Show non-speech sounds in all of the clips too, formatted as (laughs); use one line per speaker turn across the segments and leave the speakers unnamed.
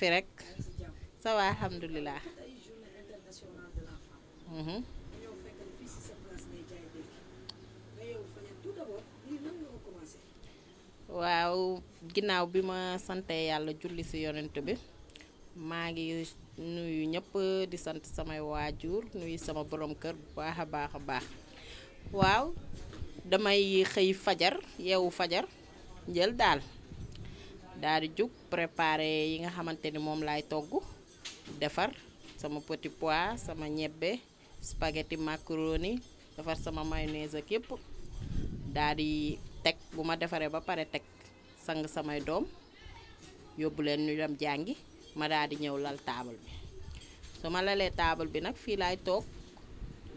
fi rek ça alhamdulilah. Mhm. waaw ginnaaw bi ma sante yàlla julli ci yonent bi maa ngi nuyu ñëpp di sant samay waajur nuyu sama borom kër bu baax a baax a baax waaw damay xëy fajar yeewu fajar njël daal daal di jug préparé yi nga xamante ni moom laay togg defar sama petit pois sama ñebbe spaghetti macaroni defar sama mayonnaise ak yëpp daal teg bu ma defaree ba pare teg sang samay doom yóbbu leen ñu dem jàngi ma daal di ñëw lal taabal bi su ma lalee taabal bi nag fii laay toog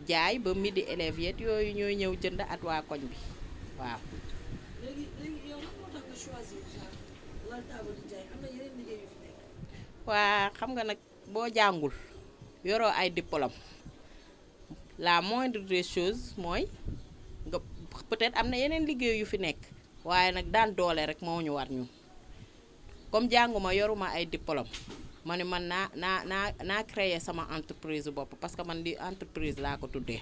jaay ba midi élèves yeet yooyu ñooy ñëw jënd at waa koñ bi waaw. waa xam nga nag boo jàngul yoroo ay diplôme la moindre des choses mooy nga peut-être am na yeneen liggéey yu fi nekk waaye nag daan doole rek moo ñu war ñu comme jànguma yoruma ay diplôme ma ne man naa naa naa naa créer sama entreprise bopp parce que man di entreprise laa ko tuddee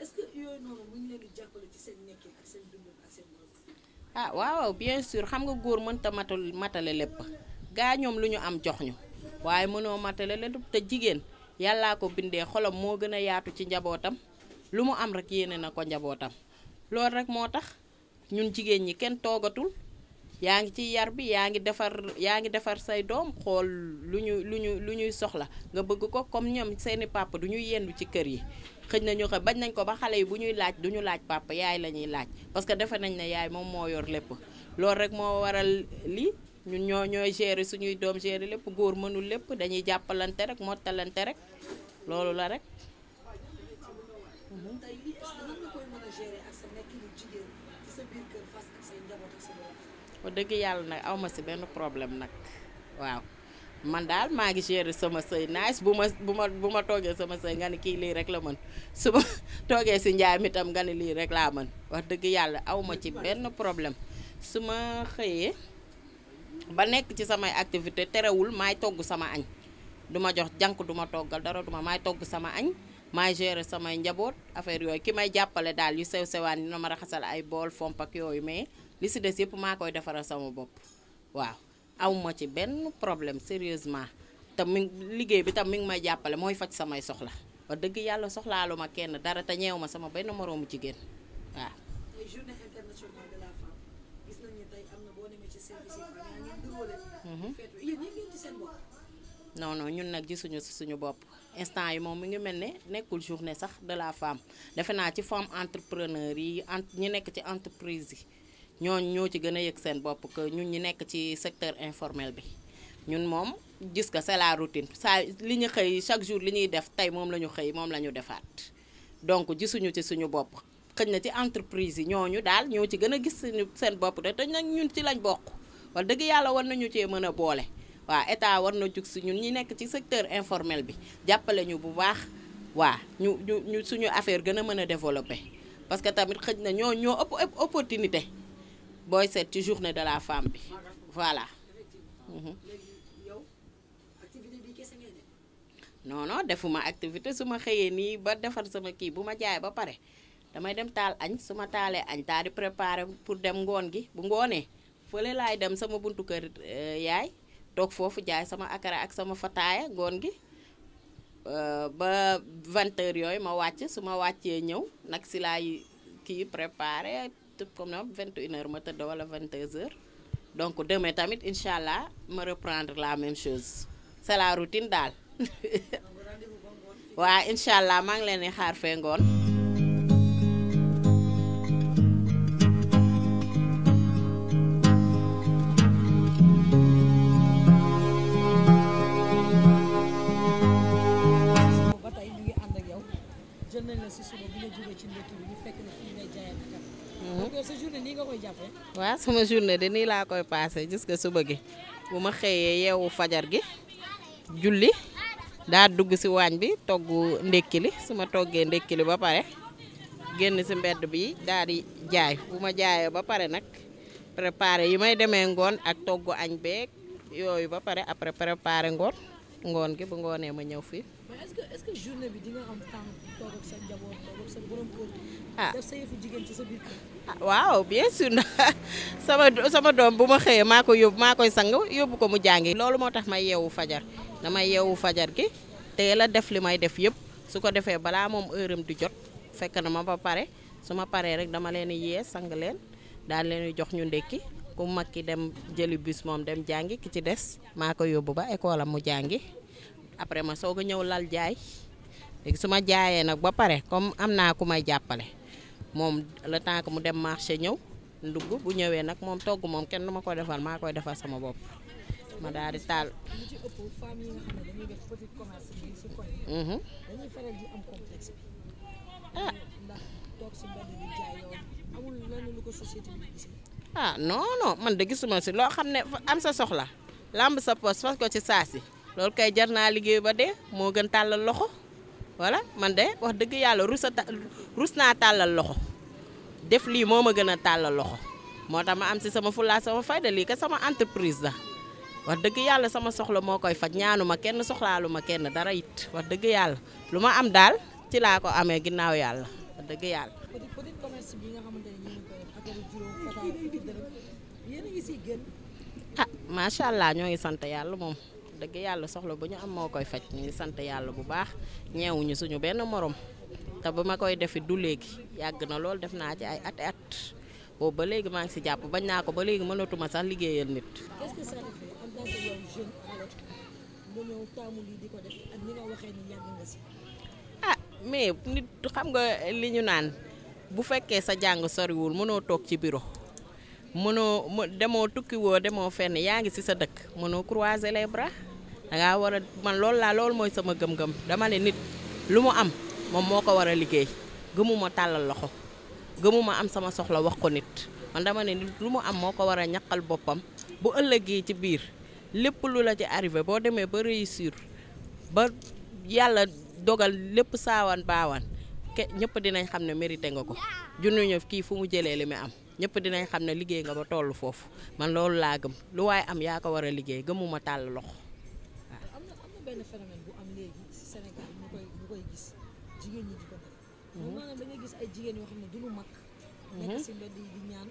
est ah waaw bien sûr xam nga góor mënta matul matale lépp gaa ñoom lu ñu am jox ñu waaye mënoo matale lépp te jigéen yàllaa ko bindee xolom moo gën a yaatu ci njabootam lu mu am rek yéene na ko njabootam loolu rek moo tax ñun jigéen ñi kenn toogatul yaa ngi ci yar bi yaa ngi defar yaa ngi defar say doom xool lu ñu lu ñu lu ñuy soxla nga bëgg ko comme ñoom seeni papa du ñu yendu ci kër yi xëj na ñu bañ nañ ko ba xale yi bu ñuy laaj duñu laaj papa yaay la ñuy laaj parce que defe nañ ne yaay moom moo yor lépp loolu rek moo waral lii ñun ñoo ñooy gérer suñuy doom gérer lépp góor mënul lépp dañuy jàppalante rek mottalante rek loolu la rek. wax dëgg yàlla nag awma ci benn problème nag waaw. man daal maa ngi gérer sama sëy nice bu ma bu ma bu ma toogee sama sëy nga ni kii lii rek la mën su ma (laughs) toogee si njaay mi tam nga ni lii rek laa mën wax dëgg yàlla aw ma ci benn problème su ma xëyee ba nekk ci samay activité terewul maay togg sama añ du ma jox jànk du ma toggal dara duma maay togg sama añ maay gérer samay njaboot affaire yooyu ki may jàppale daal yu sew sewaan yi na ma raxasal ay bool fomp ak yooyu mais li si des yëpp maa koy defaral sama bopp awma ci benn problème sérieusement te mi liggéey bi tam mi ngi may jàppale mooy faj samay soxla wax dëgg yàlla soxlaalu ma kenn dara te ñeew ma sama benn moroomu jigéen waaw. journée na boo mhm. ñun nag ji suñu suñu bopp instant yi moom mi ngi mel ne nekkul journée sax de la femme defe naa ci femme entrepreneur yi ent ñi nekk ci entreprise yi. ñoo ñoo ci gën a yëg seen bopp que ñun ñu nekk ci secteur informel bi ñun moom gis nga c'est la routine saa li ñu xëy chaque jour li ñuy def tey moom la ñu xëy moom la ñu defaat donc gisuñu ci suñu bopp xëj na ci entreprise yi ñooñu daal ñoo ci gën a gis suñu seen bopp de te nag ñun ci lañ bokk wala dëgg yàlla war nañu cee mën a boole waa état war na jug si ñun ñi nekk ci secteur informel bi jàppale ñu bu baax waa ñu ñu ñu suñu affaire gën a mën a développer parce que tamit xëj na ñoo ñoo ëpp opportunité booy seet ci journée de la femme bi voilà. Mhm. non non defuma activité su ma xëyee nii ba defar sama kii bu ma jaay ba pare damay dem taal añ su taalee añ taal di préparer pour dem ngoon gi bu ngoonee fële laay dem sama buntu kër eh, yaay toog foofu jaay sama akara ak sama fataaya ngoon gi. Euh, ba 20 yooyu ma wàcc su wàccee ñëw nag si laay kii préparé tëb comme na 21h ma tëdd wala 22h donc demain tamit incha allah ma reprendre la même chose c'est routine daal (laughs) waa incha allah maa ngi leen di xaar fee ngoon. Mm-hmm. sa journée nii nga sama journée de nii laa koy paase gis nga suba gi bu ma xëyee yeewu fajar gi julli daa dugg si waañ bi toggu ndékki li su ma toggee ndékki li ba pare génn si mbedd bi daal di jaay bu ma jaayee ba pare nag préparé yi may demee ngoon ak toggu añ beeg yooyu ba pare après préparé ngoon. ngoon gi bu ngoonee ma ñëw fii. mais est-ce que est ah. ah waaw bien sûr (laughs) sama sama doom bu ma xëyee maa ko yóbbu maa koy sang yóbbu ko mu jàngi. loolu moo tax may yeewu fajar damay yeewu fajar gi teel la def li may def yëpp su ko defee balaa moom heure am di jot fekk na ma ba pare su ma paree rek dama leen yee sang leen daal leen jox ñu ndekki. ku mag ki dem jëli bus moom dem jàngi ki ci des maa ko yóbbu ba école am mu jàngi après ma soog a ñëw lal jaay léegi su ma jaayee nag ba pare comme am naa ku may jàppale moom le temps mu dem marché ñëw ndugg bu ñëwee nag moom togg moom kenn du ma ko defal maa koy defal sama bopp ma daal di taal. ah non non man de gisuma si loo xam ne am sa soxla làmb sa poos fas ko ci saa si loolu kay jar naa liggéey ba de moo gën tàllal loxo voilà man de wax dëgg yàlla rus a rus naa tàllal loxo def lii moo ma gën a tàllal loxo moo tax ma am si sama fulaa sama fayda lii ka sama entreprise la wax dëgg yàlla sama soxla moo koy faj ñaanu ma kenn soxlaalu ma kenn dara it wax dëgg yàlla lu ma am daal ci laa ko amee ginnaaw yàlla dëgg yàlla. ah macha allah ñoo ngi sant yàlla moom dëgg yàlla soxla bu ñu am moo koy faj ñu ngi sant yàlla bu baax ñeewuñu suñu benn moroom te ba ma koy defi du léegi yàgg na lool def naa ci ay at at boobu ba léegi maa ngi si jàpp bañ naa ko ba léegi mënatuma sax liggéeyal nit. est ni ah mais nit xam nga li ñu naan bu fekkee sa jàng soriwul mënoo toog ci bureau. mënoo mu demoo tukki woo demoo fenn yaa ngi ci sa dëkk mënoo croiser les bras da ngaa war a man loolu laa lool mooy sama gëm-gëm dama ne nit lu mu am moom moo ko war a liggéey gëmuma tàllal loxo gëmuma am sama soxla wax ko nit man dama ne nit lu mu am moo ko war a ñaqal boppam bu ëllëg yi ci biir lépp lu la ci arrivé boo demee ba réussir ba yàlla dogal lépp saawan baawaan ke ñëpp dinañ xam ne mérité nga ko junuñu kii fu mu jëlee li mu am ñépp dinañ xam ne liggéey nga ba toll foofu man loolu laa gëm lu waaye am yaa ko war a liggéey gëmuma tàll loxo waaw. am na benn phénomène bu am léegi ci Sénégal ñu koy gis jigéen ñi di ko def. Mhm. moom mhm. nekk ci mbedd yi di ñaan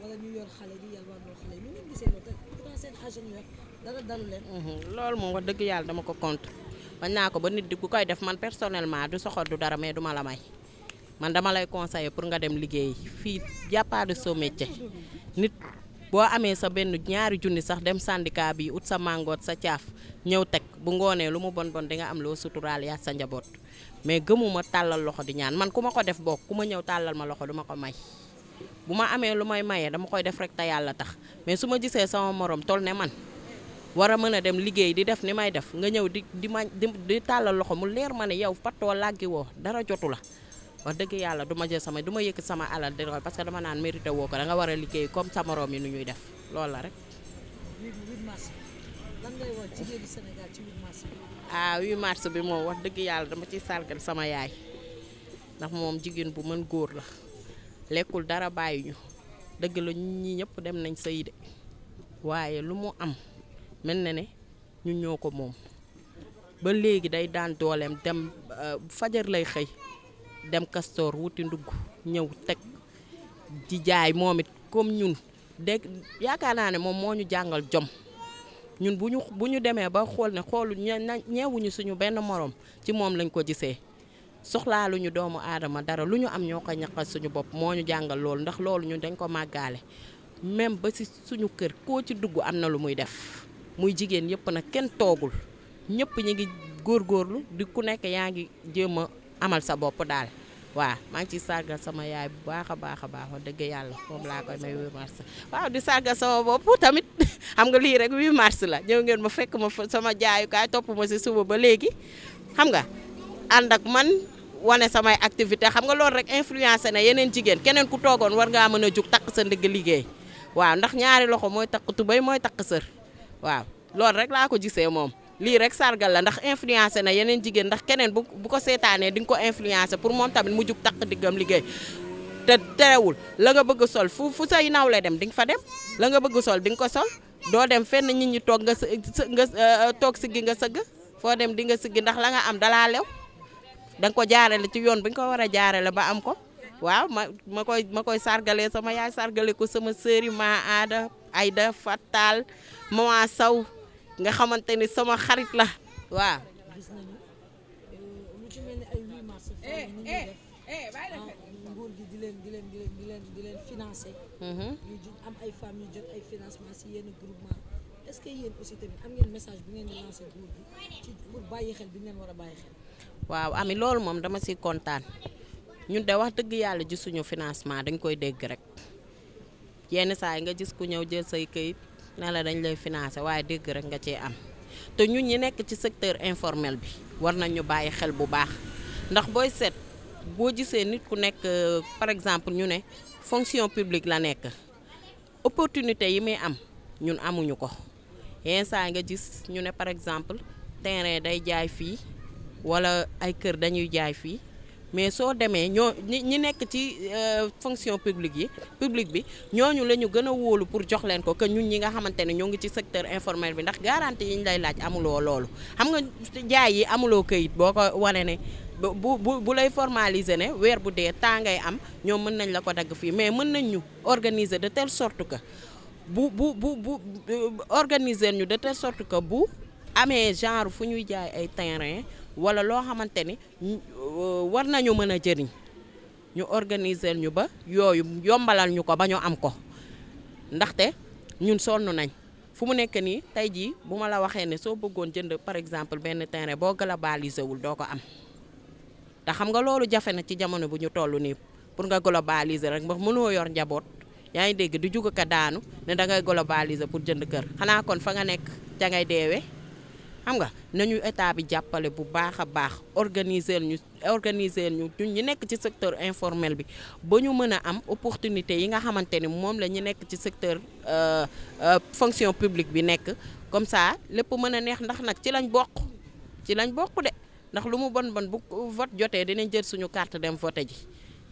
wala ñu yor xale di yalwaan loo xale ñu ngi gisee loolu dara dalu leen. Mhm. loolu moom wax dëgg yàlla dama ko contre bañ naa ko ba nit di ku koy def man personnellement du soxor du dara mais duma la may. man dama lay conseiller pour nga dem liggéey fii jàppaade soo métier nit boo amee sa benn ñaari junni sax dem syndicat bi ut sa màngoot sa caaf ñëw teg bu ngoonee lu mu bon bon di nga am loo suturaal yaa sa njaboot mais gëmuma tàllal loxo di ñaan man ku ma ko def bokk ku ma ñëw tàllal ma loxo duma ko may bu ma amee lu may mayee dama koy def rek te yàlla tax mais su ma gisee sama moroom tol ne man war a mën a dem liggéey di def ni may def nga ñëw di di ma di tàllal loxo mu leer ma ne yow pattoo làggi dara jotu la wax dëgg yàlla du ma jël sama du ma yëkk sama alal di parce que dama naan mérité woo ko da war a liggéey comme sa morom yi nu ñuy def loolu la rek. bi. ah 8 mars bi moom wax dëgg yàlla dama ciy sargal sama yaay ndax moom jigéen bu mën góor la lekkul dara bàyyi ñu dëgg la ñi ñëpp dem nañ sëy de waaye lu mu am mel na ne ñu ñoo ko moom ba léegi day daan dooleem dem euh, fajar lay xëy dem kastoor wuti dugg ñëw teg di jaay moom it comme ñun dégg yaakaar naa ne moom moo ñu jàngal jom ñun bu ñu bu ñu demee ba xool ne xoolu ñeewuñu suñu benn moroom ci moom lañ ko gisee soxlaaluñu doomu aadama dara lu ñu am ñoo ko ñaqal suñu bopp moo ñu jàngal loolu ndax loolu ñun dañ ko màggaale même ba si suñu kër koo ci dugg am na lu muy def muy jigéen yëpp nag kenn toogul ñëpp ñi ngi góorgóorlu di ku nekk yaa ngi jéem amal sa bopp daal waaw maa ngi ciy sargal sama yaay bu baax a baax a baax wax dëgg yàlla moom laa koy may 8 mars waaw di sargal sama bopp tamit (laughs) xam nga lii rek 8 mars la ñëw ngeen ma fekk ma sama jaayukaay topp ma si suba ba léegi xam nga ànd ak man wane samay activité xam nga loolu rek influencé na yeneen jigéen keneen ku toogoon war ngaa mën a jug takk sa ndigg liggéey waaw ndax ñaari loxo mooy takk tubéy mooy takk sër waaw loolu rek laa ko gisee moom lii rek sargal la ndax influencé na yeneen jigéen ndax keneen bu bu ko seetaanee di nga ko influencé pour moom tamit mu jug takk diggam liggéey te terewul la nga bëgg sol fu fu say nawle dem di nga fa dem la nga bëgg sol di nga ko sol doo dem fenn nit ñi toog nga nga euh, toog siggi nga sëgg foo dem di nga siggi ndax la nga am dalaa lew da nga ko jaarale ci yoon bi nga ko war a jaarale ba am ko waaw ma ma koy ma koy sargalee sama yaay sargale ko sama sëri ma aada Aida Fatal Maman saw nga xamante ni sama xarit la waaw. lu ci mel ni ay 8 mars nguur gi di financé. ñu jot am ay femmes ñu jot ay financement si yenn groupement est que yéen aussi tamit am ngeen message bu ngeen di lancé nguur gi ci pour bàyyi xel bi ngeen war a bàyyi xel. waaw ami loolu moom dama si kontaan ñun de wax dëgg yàlla gisuñu financement dañ koy dégg rek yenn saa yi nga gis ku ñëw jël say këyit. ne la dañ lay financé waaye dégg rek nga cee am te ñu ñi nekk ci secteur informel bi war nañu bàyyi xel bu baax ndax booy seet boo gisee nit ku nekk euh, par exemple ñu ne fonction publique la nekk opportunité yi muy am ñun amuñu ko yenn saa nga gis ñu ne par exemple terrain day jaay fii wala ay kër dañuy jaay fii mais soo demee ñoo ñi ñi nekk ci euh, fonction publique yi publique bi ñooñu la ñu gën a wóolu pour jox leen ko que ñun ñi nga xamante ne ñoo ngi ci secteur informel bi ndax garantie yi ñu lay laaj amuloo loolu xam nga jaay yi amuloo kayit boo ko wane ne bu bu bu lay formaliser ne weer bu dee temps ngay am ñoom mën nañ la ko dagg fii mais mën nañ ñu organiser de telle sorte que bu bu bu bu euh, organiser ñu de telle sorte que bu amee genre fu ñuy jaay ay terrain wala loo xamante ni euh, war nañu mën a jëriñ ñu organiser ñu ba yooyu yombalal ñu ko ba ñu am ko ndaxte ñun sonn nañ fu mu nekk nii tey jii bu ma la waxee ne soo bëggoon jënd par exemple benn terrain boo globalisé wul doo ko am te xam nga loolu jafe na ci jamono bu ñu toll nii pour nga globaliser rek ndax mënoo yor njaboot yaa ngi dégg di jug ko daanu ne dangay globaliser pour jënd kër xanaa kon fa nga nekk ca ngay deewee. xam nga nañu état bi jàppale bu baax a baax organiser ñu organiser ñu ñu nekk ci secteur informel bi ba ñu mën a am opportunité yi nga xamante ni moom la ñu nekk ci secteur euh, euh, fonction publique bi nekk comme ça lépp mën a neex ndax nag ci lañ bokk ci lañ bokk de ndax lu mu bon bon bu vote jotee dinañ jël suñu carte dem voté ji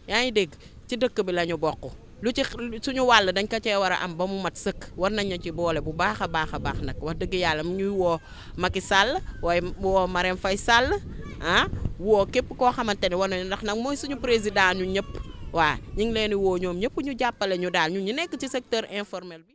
yaa ngi dégg ci dëkk bi lañu ñu bokk lu ci suñu wàll dañ ko cee war a am ba mu mat sëkk war nañ ci boole bu baax a baax a baax nag wax dëgg yàlla mu ñuy woo Macky sàll waaye woo Marème fay sàll ah woo képp koo xamante ne war nañu ndax nag mooy suñu président ñu ñëpp waa ñu ngi leen di woo ñoom ñëpp ñu jàppale ñu daal ñu ñu nekk ci secteur informel bi.